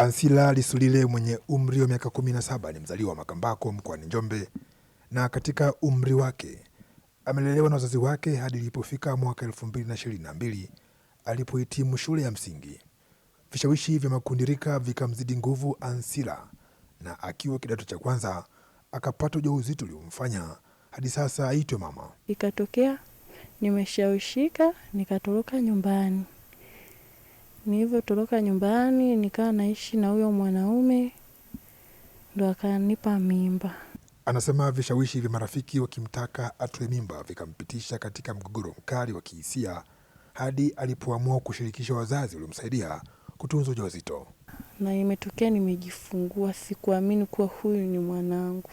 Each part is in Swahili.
Ansila Lisulile mwenye umri wa miaka 17 ni mzaliwa wa Makambako mkoani Njombe, na katika umri wake amelelewa na wazazi wake hadi ilipofika mwaka 2022 alipohitimu shule ya msingi. Vishawishi vya makundirika vikamzidi nguvu Ansila, na akiwa kidato cha kwanza akapata ujauzito uliomfanya hadi sasa aitwe mama. Ikatokea nimeshawishika nikatoroka nyumbani Nilivyotoroka nyumbani nikawa naishi na huyo mwanaume ndo akanipa mimba. Anasema vishawishi vya marafiki wakimtaka atoe mimba vikampitisha katika mgogoro mkali wa kihisia hadi alipoamua kushirikisha wazazi waliomsaidia kutunza ujauzito. Na imetokea nimejifungua, sikuamini kuwa huyu ni mwanangu,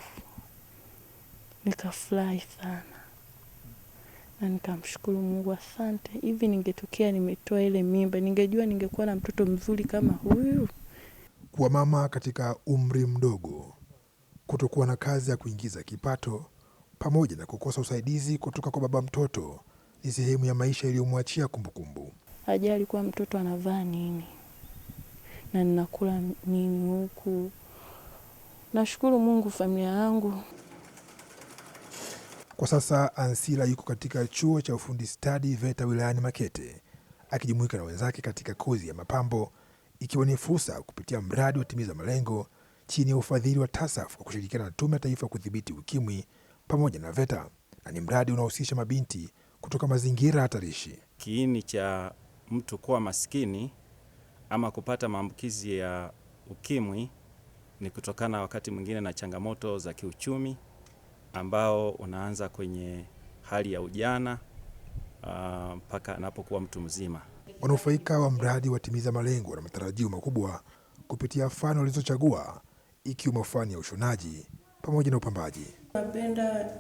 nikafurahi sana na nikamshukuru Mungu, asante. Hivi ningetokea nimetoa ile mimba, ningejua ningekuwa na mtoto mzuri kama huyu. Kwa mama katika umri mdogo, kutokuwa na kazi ya kuingiza kipato pamoja na kukosa usaidizi kutoka kwa baba mtoto ni sehemu ya maisha iliyomwachia kumbukumbu. Hajali kuwa mtoto anavaa nini na ninakula nini huku. Nashukuru Mungu, familia yangu kwa sasa Ansila yuko katika chuo cha ufundi stadi VETA wilayani Makete akijumuika na wenzake katika kozi ya mapambo, ikiwa ni fursa kupitia mradi wa timiza malengo chini ya ufadhili wa TASAF kwa kushirikiana na Tume ya Taifa ya Kudhibiti Ukimwi pamoja na VETA, na ni mradi unaohusisha mabinti kutoka mazingira hatarishi. Kiini cha mtu kuwa maskini ama kupata maambukizi ya ukimwi ni kutokana wakati mwingine na changamoto za kiuchumi ambao unaanza kwenye hali ya ujana ah, mpaka uh, anapokuwa mtu mzima. Wanufaika wa mradi watimiza malengo na matarajio makubwa kupitia fani walizochagua ikiwemo fani ya ushonaji pamoja na upambaji. Napenda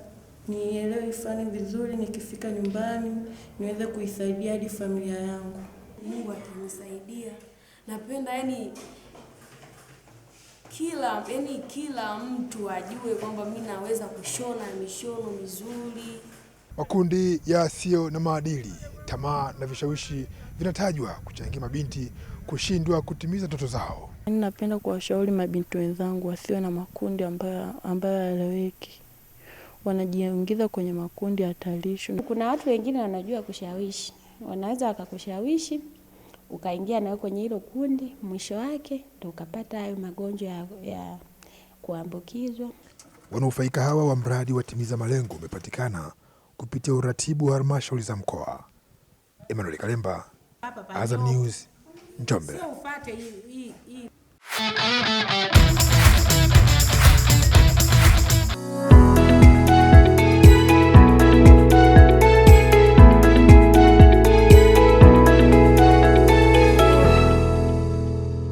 nielewe fani vizuri, nikifika nyumbani niweze kuisaidia hadi familia yangu. Mungu atanisaidia. Napenda yani kila yani, kila mtu ajue kwamba mimi naweza kushona mishono mizuri. Makundi yasiyo na maadili, tamaa na vishawishi vinatajwa kuchangia mabinti kushindwa kutimiza ndoto zao. Napenda kuwashauri mabinti wenzangu wasiwe na makundi ambayo ambayo hayaeleweki, wanajiingiza kwenye makundi hatarishi. Kuna watu wengine wanajua kushawishi, wanaweza wakakushawishi ukaingia nawe kwenye hilo kundi, mwisho wake ndo ukapata hayo magonjwa ya, ya kuambukizwa. Wanufaika hawa wa mradi wa Timiza Malengo umepatikana kupitia uratibu wa halmashauri za mkoa. Emmanuel Kalemba, Azam News, Njombe.